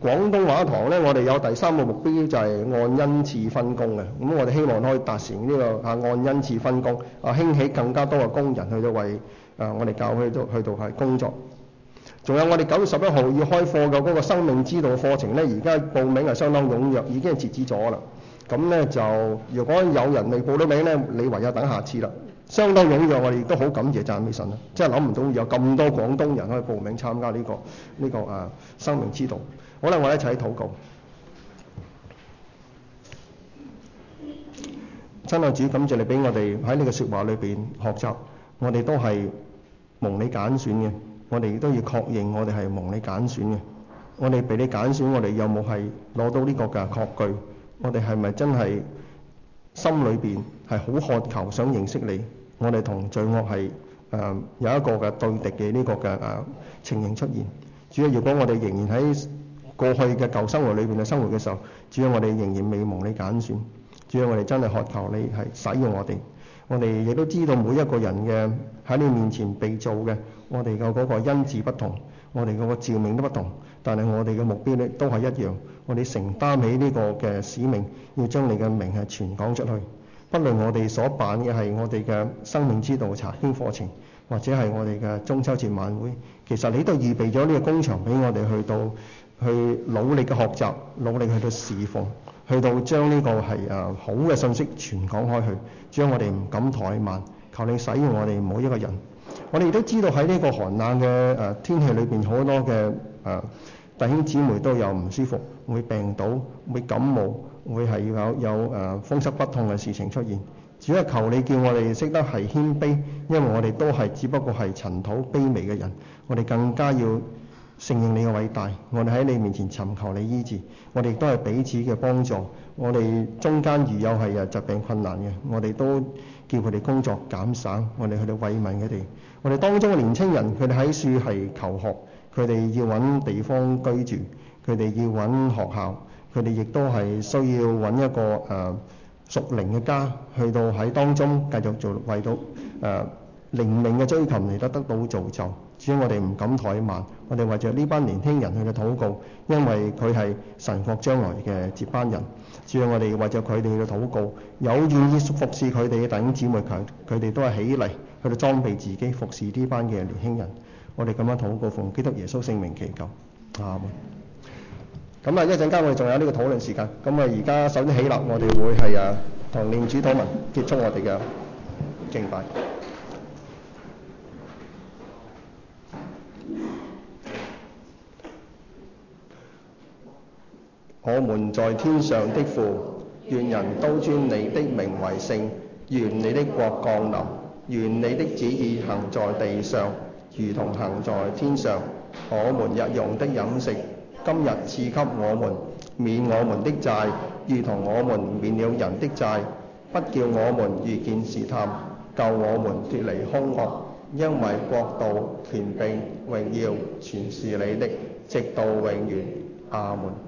S3: 廣東話堂呢，我哋有第三個目標就係、是、按恩賜分工嘅。咁、嗯、我哋希望可以達成呢、這個啊，按恩賜分工啊，興起更加多嘅工人去到為啊、呃，我哋教會都去到係工作。仲有我哋九月十一號要開課嘅嗰個生命之道課程呢，而家報名係相當踴躍，已經截止咗啦。咁呢，就如果有人未報到名呢，你唯有等下次啦。相當踴躍，我哋都好感謝讚美神啦，即係諗唔到有咁多廣東人可以報名參加呢、這個呢、這個啊生命之道。好啦，我哋一齊禱告，親愛主，感謝你俾我哋喺你嘅説話裏邊學習。我哋都係蒙你揀選嘅，我哋都要確認我哋係蒙你揀選嘅。我哋俾你揀選，我哋有冇係攞到呢個嘅確據？我哋係咪真係心裏邊係好渴求想認識你？我哋同罪惡係誒有一個嘅對敵嘅呢個嘅誒情形出現。主要如果我哋仍然喺～過去嘅舊生活裏邊嘅生活嘅時候，主要我哋仍然未蒙你揀選，主要我哋真係渴求你係使用我哋。我哋亦都知道每一個人嘅喺你面前被造嘅，我哋嘅嗰個恩賜不同，我哋嗰個召命都不同，但係我哋嘅目標呢都係一樣。我哋承擔起呢個嘅使命，要將你嘅名係傳講出去。不論我哋所辦嘅係我哋嘅生命之道查經課程，或者係我哋嘅中秋節晚會，其實你都預備咗呢個工場俾我哋去到。去努力嘅學習，努力去到侍奉，去到將呢個係誒好嘅信息傳講開去，將我哋唔敢怠慢，求你使用我哋每一個人。我哋都知道喺呢個寒冷嘅誒天氣裏邊，好多嘅誒弟兄姊妹都有唔舒服，會病倒，會感冒，會係要有有誒風濕骨痛嘅事情出現。只係求你叫我哋識得係謙卑，因為我哋都係只不過係塵土卑微嘅人，我哋更加要。承認你嘅偉大，我哋喺你面前尋求你醫治，我哋亦都係彼此嘅幫助。我哋中間如有係疾病困難嘅，我哋都叫佢哋工作減省，我哋去到慰問佢哋。我哋當中嘅年青人，佢哋喺處係求學，佢哋要揾地方居住，佢哋要揾學校，佢哋亦都係需要揾一個誒、呃、熟靈嘅家，去到喺當中繼續做為到誒靈命嘅追求，嚟得得到造就。只要我哋唔敢怠慢，我哋為著呢班年輕人去嘅禱告，因為佢係神國將來嘅接班人。只要我哋為著佢哋去禱告，有願意服侍佢哋嘅弟兄姊妹，強佢哋都係起嚟，佢哋裝備自己服侍呢班嘅年輕人。我哋咁樣禱告，奉基督耶穌聖名祈求，阿門。咁啊，一陣間我哋仲有呢個討論時間。咁啊，而家首先起立，我哋會係啊同念主禱文結束我哋嘅敬拜。我們在天上的父，願人都尊你的名為聖。願你的國降臨，願你的旨意行在地上，如同行在天上。我們日用的飲食，今日賜給我們，免我們的債，如同我們免了人的債，不叫我們遇見試探，救我們脫離凶惡。因為國度、權柄、榮耀，全是你的，直到永遠。阿門。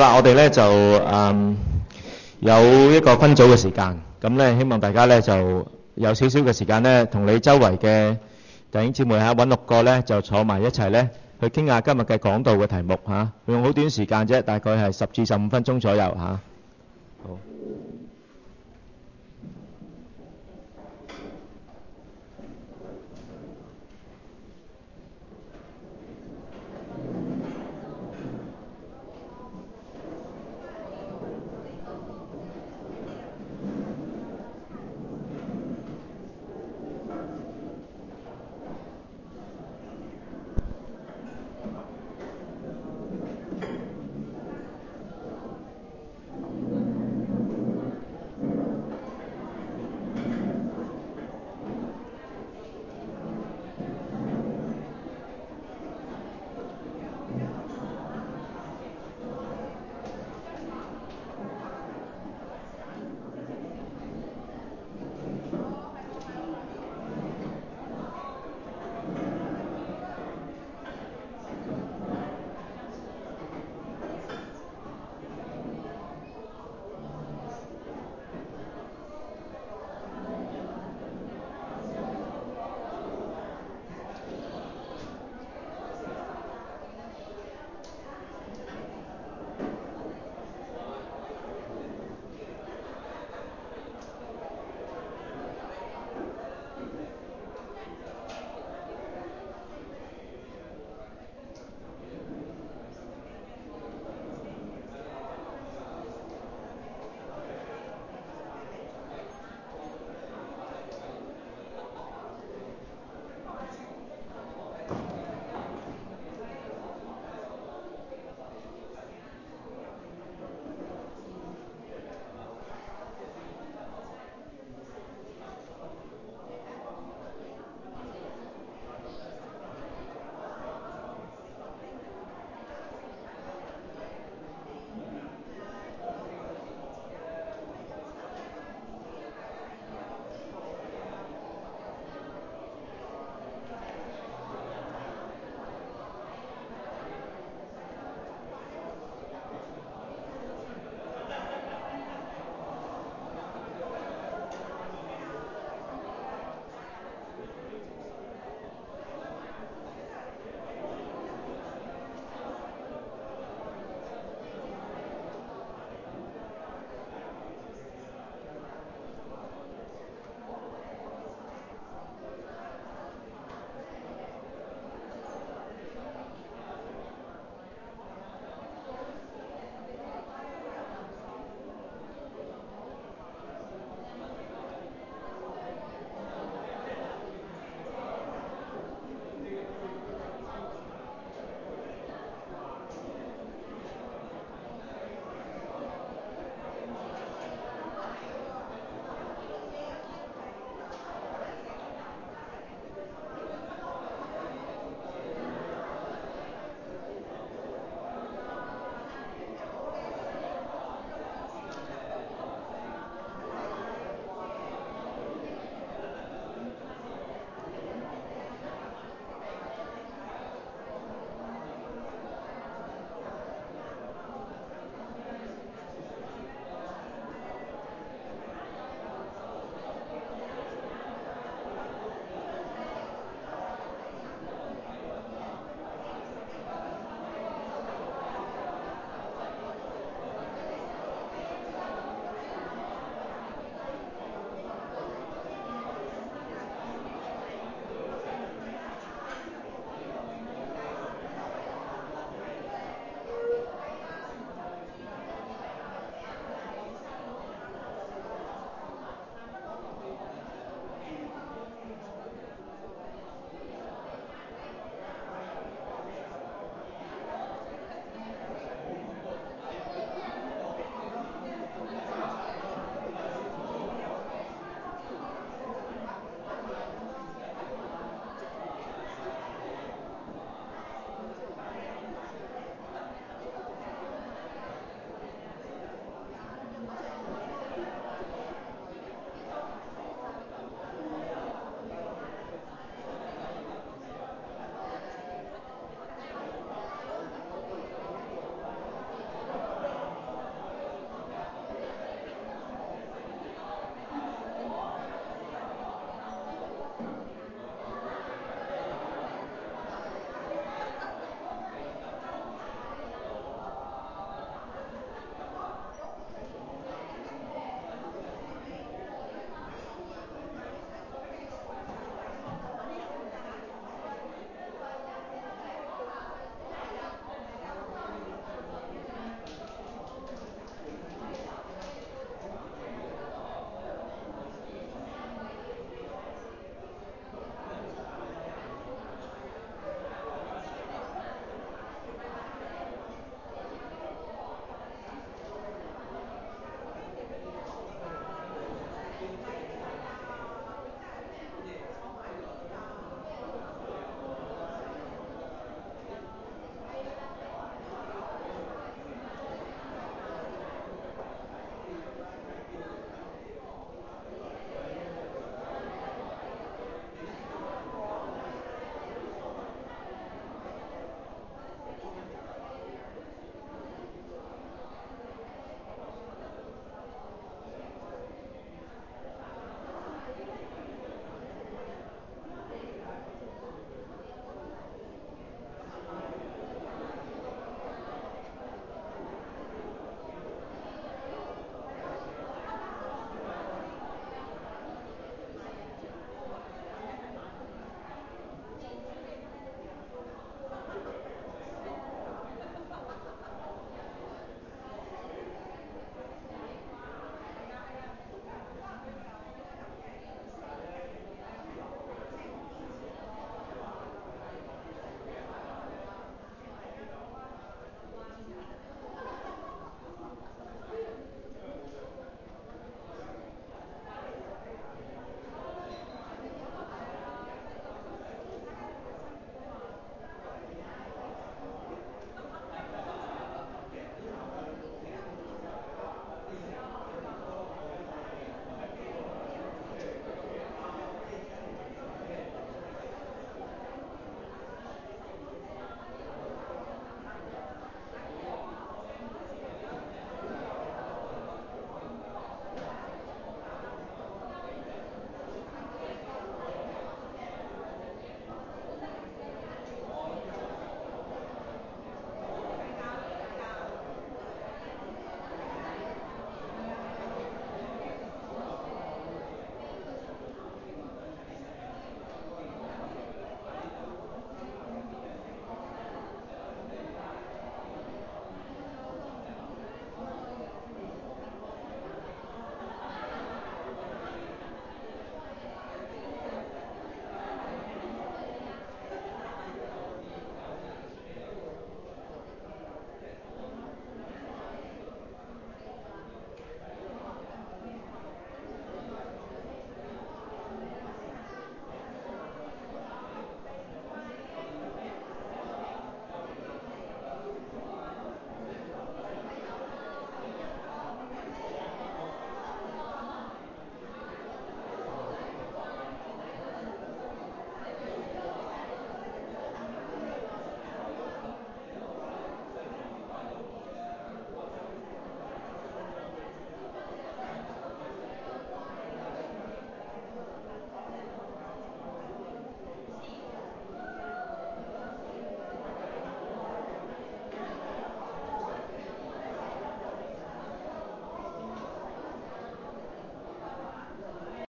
S1: 嗱，我哋咧就誒、嗯、有一個分組嘅時間，咁咧希望大家咧就有少少嘅時間咧，同你周圍嘅弟兄姊妹吓揾六個咧就坐埋一齊咧，去傾下今日嘅講道嘅題目吓、啊，用好短時間啫，大概係十至十五分鐘左右吓、
S4: 啊。好。